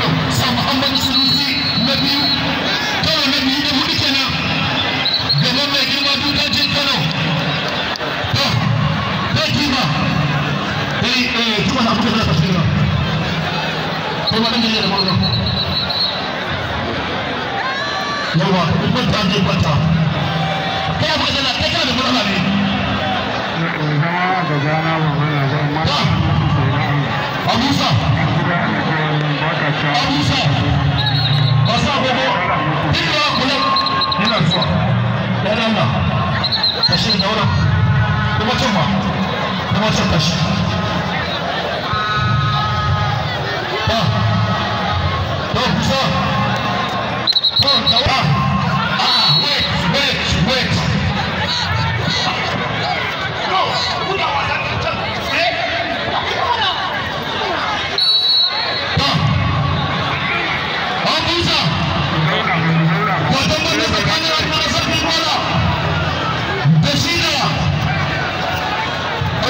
kano sa muhammadu sunusi na biyu kano na biyu da hudu kenan gaban mai girma dukacin kano to zai kima eh eh kuma na abubuwa za ta fi ba kuma da manga yawa kuma ta zai kwata kai kai kana da ne eh, eh, Abusa, tashi da wannan kuma cin ma kuma cin tashi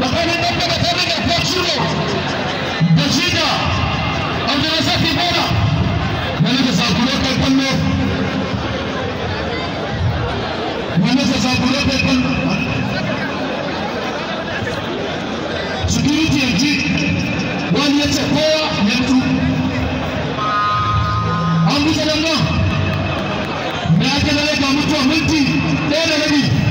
tsakanin ɗan ta tare da Portugal da shi da a Bola da sakulo kai kwallo da sakulo kai kwallo wani ya ce kowa an nan na minti ɗaya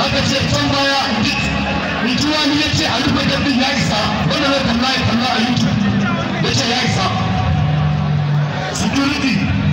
aka ce can baya mutuwa ne ya ce a rufe dabin ya isa wanda zai kalla ya kalla a youtube Security.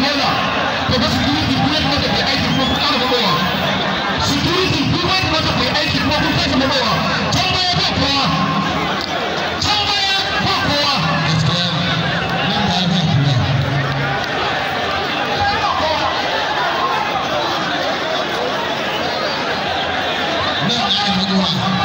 Ebola to ba security kuma ya